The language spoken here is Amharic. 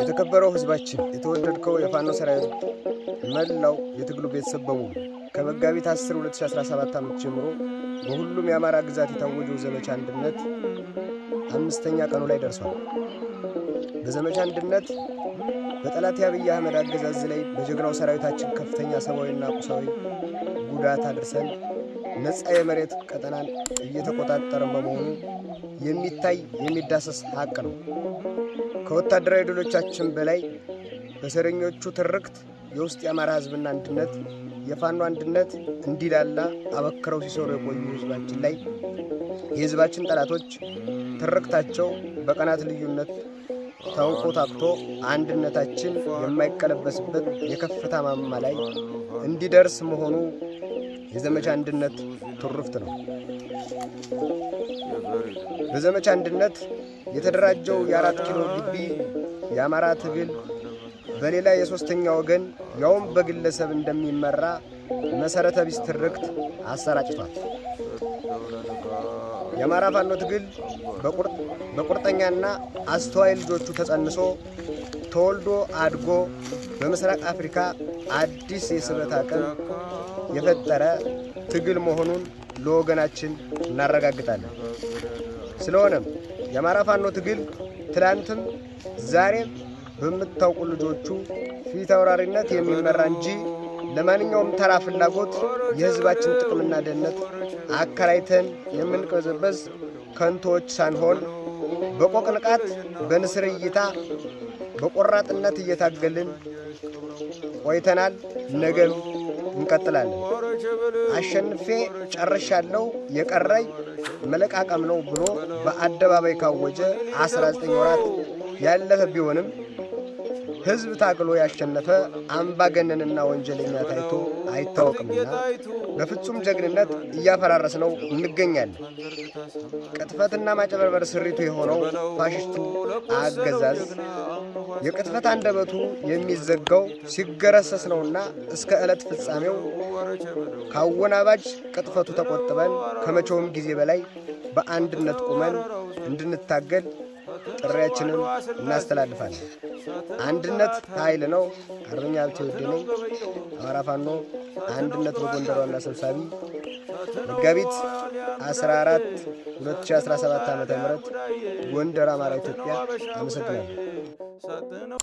የተከበረው ህዝባችን የተወደድከው የፋኖ ሰራዊት፣ መላው የትግሉ ቤተሰብ በሙሉ ከመጋቢት 10 2017 ዓመት ጀምሮ በሁሉም የአማራ ግዛት የታወጀው ዘመቻ አንድነት አምስተኛ ቀኑ ላይ ደርሷል። በዘመቻ አንድነት በጠላት የአብይ አህመድ አገዛዝ ላይ በጀግናው ሰራዊታችን ከፍተኛ ሰብአዊና ቁሳዊ ጉዳት አድርሰን ነፃ የመሬት ቀጠናን እየተቆጣጠረ በመሆኑ የሚታይ የሚዳሰስ ሀቅ ነው። ከወታደራዊ ድሎቻችን በላይ በሰረኞቹ ትርክት የውስጥ የአማራ ህዝብና አንድነት የፋኖ አንድነት እንዲላላ አበክረው ሲሰሩ የቆዩ ህዝባችን ላይ የህዝባችን ጠላቶች ትርክታቸው በቀናት ልዩነት ታውቆ ታክቶ አንድነታችን የማይቀለበስበት የከፍታ ማማ ላይ እንዲደርስ መሆኑ የዘመቻ አንድነት ትሩፍት ነው። በዘመቻ አንድነት የተደራጀው የአራት ኪሎ ግቢ የአማራ ትግል በሌላ የሶስተኛ ወገን ያውም በግለሰብ እንደሚመራ መሰረተ ቢስ ትርክት አሰራጭቷል። የአማራ ፋኖ ትግል በቁርጠኛና አስተዋይ ልጆቹ ተጸንሶ ተወልዶ አድጎ በምስራቅ አፍሪካ አዲስ የስበት አቅም የፈጠረ ትግል መሆኑን ለወገናችን እናረጋግጣለን። ስለሆነም የአማራ ፋኖ ትግል ትላንትም ዛሬም በምታውቁ ልጆቹ ፊት አውራሪነት የሚመራ እንጂ ለማንኛውም ተራ ፍላጎት የህዝባችን ጥቅምና ደህንነት አከራይተን የምንቅበዘበዝ ከንቶዎች ሳንሆን በቆቅ ንቃት፣ በንስር እይታ፣ በቆራጥነት እየታገልን ቆይተናል። ነገም እንቀጥላለን። አሸንፌ ጨርሻለሁ የቀረይ መለቃቀም ነው ብሎ በአደባባይ ካወጀ 19 ወራት ያለፈ ቢሆንም ህዝብ ታግሎ ያሸነፈ አምባገነንና ወንጀለኛ ታይቶ አይታወቅምና በፍጹም ጀግንነት እያፈራረስ ነው እንገኛለን። ቅጥፈትና ማጨበርበር ስሪቱ የሆነው ፋሽስቱ አገዛዝ የቅጥፈት አንደበቱ የሚዘጋው ሲገረሰስ ነውና እስከ ዕለት ፍጻሜው ከአወናባጅ ቅጥፈቱ ተቆጥበን ከመቼውም ጊዜ በላይ በአንድነት ቁመን እንድንታገል ጥሪያችንን እናስተላልፋለን። አንድነት ኃይል ነው። አርበኛ ሀብቴ ነኝ። አማራ ፋኖ አንድነት በጎንደር ዋና ሰብሳቢ መጋቢት 14 2017 ዓ ም ጎንደር፣ አማራ፣ ኢትዮጵያ። አመሰግናለሁ።